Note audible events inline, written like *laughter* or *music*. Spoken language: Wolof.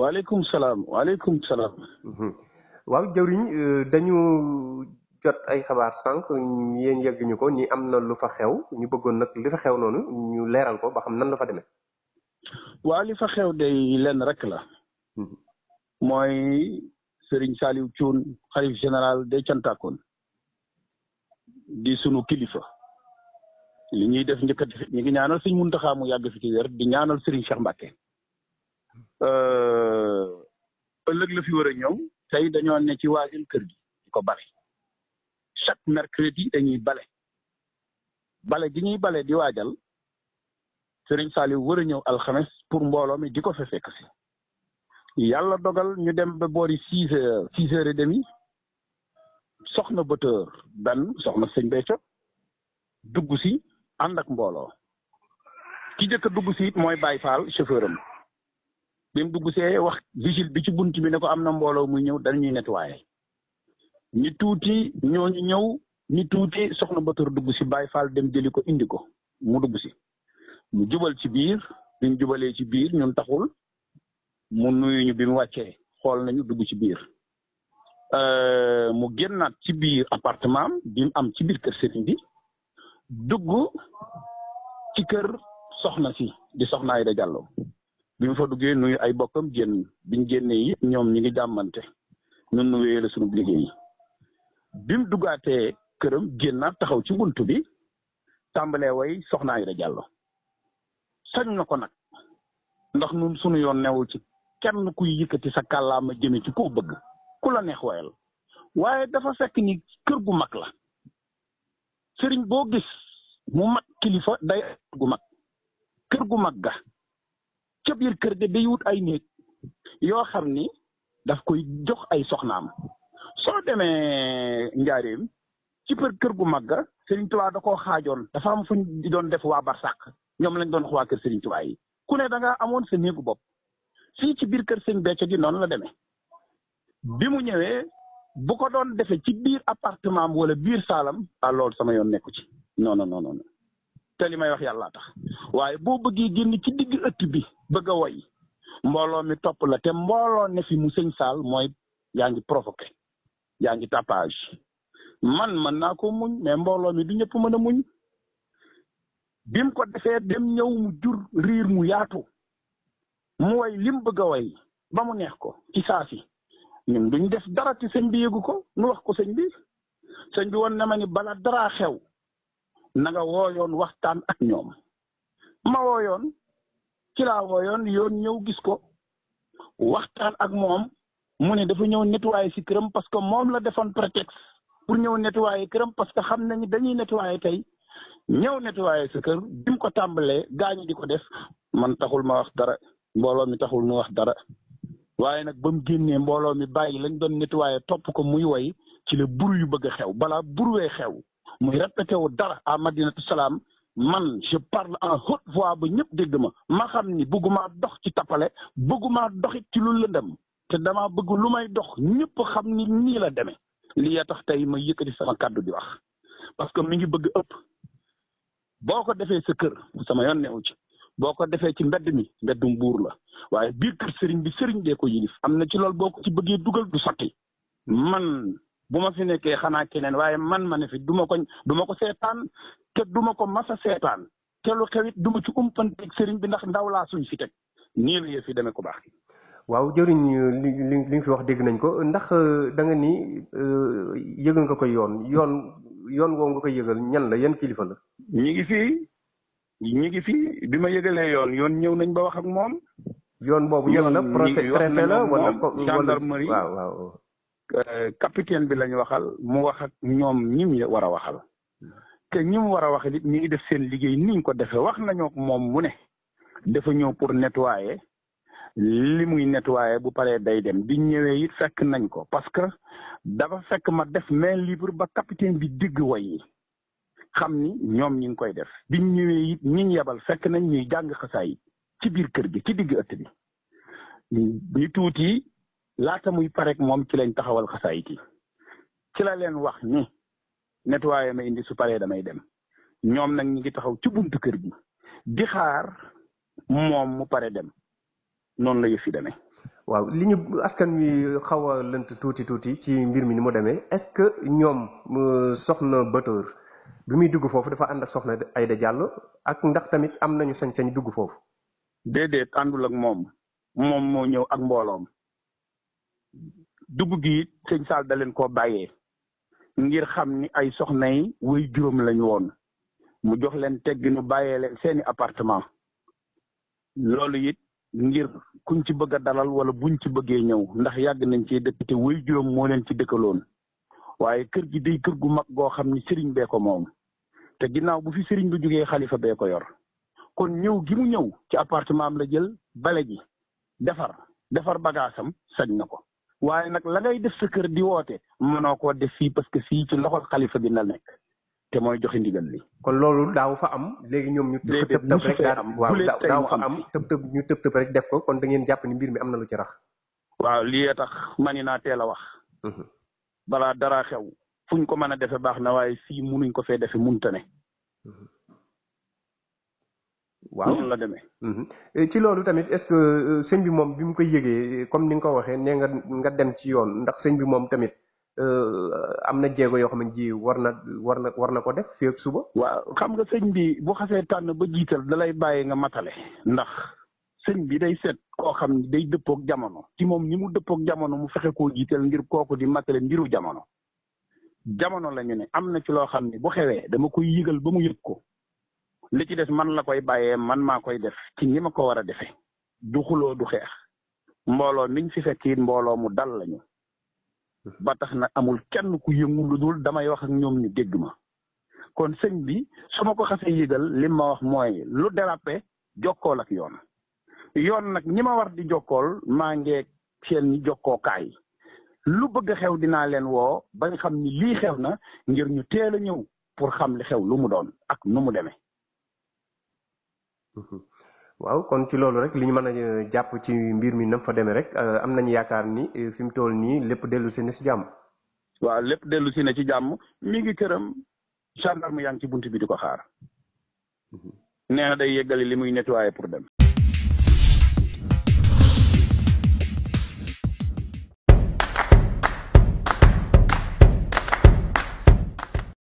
waaleykum salaam waaleykum salaam. Mhm. waaw jëwriñ euh, dañu jot ay xabaar sànq yéen yegguñu ko ni am na lu fa xew ñu bëggoon nag li fa xew noonu ñu leeral ko ba xam nan la fa demee. waaw li fa xew day lenn rek la. Mhm. mooy sëriñ Saliou Thioune xalif général de Thiantakoune di sunu kilifa. li ñuy def njëkk a ñu ngi ñaanal Serigne mun taxaamu yàgg fi ci wér di ñaanal Serigne Cheikh Mbacké. Euh, ëllëg la fi war a ñëw tey dañoo ne ci waajal kër gi di ko bale chaque mercredi dañuy bale bale gi ñuy bale di waajal Serigne Saliou war a ñëw alxames pour mbooloo mi di ko fa fekk si yàlla dogal ñu dem ba boori six heures six heures demi soxna bëtër benn soxna sëñ Béthio dugg si ànd mbooloo ki jëkk dugg si it mooy Baye Fall chauffeur bi dugg see wax vigile bi ci bunt bi ne ko am na mbooloo muy ñëw dañuy nettoyé ñi tuuti ñooñu ñëw ñi tuuti soxna Batoor dugg si Baay Faal dem jëli ko indi ko mu dugg si mu jubal ci biir bi jubalee ci biir ñun taxul mu nuyu ñu bi mu wàccee xool nañu dugg ci biir euh, mu gën naat ci biir appartement bi am ci biir kër sëriñ bi ci kër soxna si di soxna da jàlloo bi mu fa duggee nuyu ay bokkam génn biñ génnee it ñoom ñu ngi jàmmante ñun nu wéyale suñu liggéey bi mu duggaatee këram génnaat taxaw ci bunt bi tàmbalee way soxna Aida Diallo sañ na ko nag ndax nun sunu yoon newul ci kenn kuy yëkkati sa kàllaama jëme ci koo bëgg ku la neex wayal waaye dafa fekk ni kër gu mag la sëriñ boo gis mu mag kilifa day gu mag kër gu mag ga ca biir kër ga day wut ay néeg yoo xam ni daf koy jox ay soxnaam soo demee njaareem ci për kër gu mag ga Serigne Touba da koo xaajoon dafa am fuñ doon def waa Barsàq ñoom lañ doon wax waa kër Serigne Touba yi ku ne da amoon sa néegu bopp fii ci biir kër seen Béthio gi noonu la demee bi mu ñëwee bu ko doon defee ci biir appartement am wala biir saalam ah loolu sama yoon nekku ci non non te li may wax yàlla tax waaye boo bëggee génn ci digg ëtt bi bëgg a woy mbooloo mi topp la te mbooloo ne fi mu sëñ Saal mooy yaa ngi provoqué yaa ngi tapage man mën naa ko muñ mais mbooloo mi du ñëpp mën a muñ bi mu ko defee dem ñëw mu jur riir mu yaatu mu woy lim bëgg a woy ba mu neex ko ci saa si ñun duñ def dara ci sëñ bi yëgu ko nu wax ko sëñ bi sëñ bi woon na ma ni bala daraa xew na nga wooyoon waxtaan ak ñoom ma wooyoon ci laa wooyoon yoon ñëw gis ko waxtaan ak moom mu ne dafa ñëw nettoyer si këram parce que moom la defoon prétexte pour ñëw nettoyer këram parce que xam nañu dañuy nettoyer tey ñëw nettoyer sa kër bi ko tàmbalee gaañu di ko def man taxul ma wax dara mbooloo mi taxul nu wax dara waaye nag ba mu génnee mbooloo mi bàyyi lañ doon nettoyer topp ko muy woy ci la buru yu bëgg a xew balaa buruwee xew muy répété wu dara à madinatu salaam man je parle en haute voix ba ñëpp dégg ma ma xam ni bëggumaa dox ci tappale bëggumaa doxit ci lu lëndëm te damaa bëgg lu may dox ñëpp xam ni nii la demee lii tax tey ma yëkkati sama kàddu bi wax parce que mi ngi bëgg ëpp boo ko defee sa kër sama yoon neewu ci boo ko defee ci mbedd mi mbeddum buur la waaye biir kër sëriñ bi sëriñ dee ko yilif am na ci loolu boo ko ci bëggee dugal du sotti man bu ma fi nekkee xanaa keneen waaye man ma ne fi du ma ko du ko seetaan te du ma ko mas a seetaan te lu xew it du ci umpanteeg sëriñ bi ndax ndaw laa suñ fi teg nii la fi yi demee ko baax. waaw jëriñ li li fi wax dégg nañ ko ndax euh, da nga ni euh, yëgal nga ko yoon yoon yoon woo ñan la yan kilifa la. ñi ngi fii bi ma yëgalee yoon yoon ñëw nañ ba wax ak moom. yoon boobu ñëw na procès préfet la wala gendarmerie waaw waaw. Euh, capitaine bi lañu waxal mu wax ak ñoom ñi mu war a waxal te ñi mu war a waxal it ñu ngi def seen liggéey niñ ko defee wax nañoo moom mu ne dafa ñëw pour nettoyer li muy nettoyer bu paree day dem biñ ñëwee it fekk nañ ko parce que dafa fekk ma def main libre ba capitaine bi digg way yi xam ni ñoom ñi ngi koy def bi ñëwee it ñi yebal fekk nañ ñuy jàng xasaay ci biir kër gi ci digg ëtt bi ñu tuuti laata muy parek moom ci lañ taxawal xasaayit yi ci la leen wax ni nettoyé ma indi su paree damay dem ñoom nag ñu ngi taxaw ci buntu kër bi di xaar moom mu pare dem noonu lañu fi yi demee. waaw li ñu askan wi xaw a lënt tuuti tuuti ci mbir mi ni mu demee est-ce que ñoom soxna Bator bi muy dugg foofu dafa ànd ak soxna Aïda Diallo ak ndax tamit am nañu sañ-sañ dugg foofu. déedéet àndul ak moom moom moo ñëw ak mbooloom dugg gi sëñ Saal da leen koo bàyyee ngir xam ni ay soxna yi way juróom lañu woon mu jox leen nu bàyyee leen seeni apartement loolu it ngir kuñ ci bëgg dalal wala buñ ci bëggee ñëw ndax yàgg nañ ci dëkk te way juróom moo leen ci dëkkaloon waaye kër gi day kër gu mag goo xam ni sëriñ bee ko moom te ginnaaw bu fi sëriñ bi jógee xalifa bee ko yor kon ñëw gi mu ñëw ci appartement am la jël bale ji defar defar bagaasam sañ na ko waaye nag la def sa kër di woote mënoo koo def fii parce que fii ci loxol xalifa bi na nekk te mooy joxe ndigal li. kon loolu daaw fa am. léegi ñoom ñu tëb tëb rek am waaw daaw am tëb ñu tëb rek def ko kon da ngeen jàpp ni mbir mi am na lu ci rax. waaw lii tax mani naa teel a wax. Mhm. balaa dara xew. fu ko mën a defee baax na waaye fii munuñ ko fee defee munta ne. Mhm. waaw mhm. noonu la demee. Mhm. Eh, ci loolu tamit est-ce que euh, sëñ bi moom bi mu koy yëgee comme ni nga ko waxee nee nga nga dem ci yoon ndax sëñ bi moom tamit euh, am na jéego yoo xam ji war na war na ko def fii suba. waaw xam nga sëñ bi bu xasee tànn ba jiital dalay bàyyi nga matale ndax. sëñ bi day seet koo xam ne day dëppook jamono ci moom ñi mu dëppook jamono mu fexe koo jiital ngir kooku di matale mbiru jamono jamono la ñu ne am na ci loo xam ni bu xewee dama koy yëgal ba mu yëg ko li ci des man la koy bàyyee man maa koy def ci ñi ma ko war a defee du xuloo du xeex mbooloo miñ fi fekk it mbooloo mu dal lañu ba tax na amul kenn ku yëngu lu dul damay wax ak ñoom ñu dégg ma kon sëñ bi su ma ko xasee yëgal li ma wax mooy lu derape jokkool ak yoon yoon nag ñi ma war di jokkool maa ngee seen ñi jokkookaay lu bëgg a xew dinaa leen woo ba xam ni lii xew na ngir ñu teel a ñëw pour xam li xew lu mu doon ak nu mu demee *laughs* waaw kon ci loolu rek li ñu mën a euh, jàpp ci mbir mi nam fa demee rek euh, am nañu yaakaar ni euh, fi mu toll nii lépp dellu si na si jàmm. waaw lépp dellu si na ci jàmm mi ngi këram gendarme yaa ngi ci bunt bi di ko xaar. *laughs* nee na day yeggali li muy nettoyé pour dem.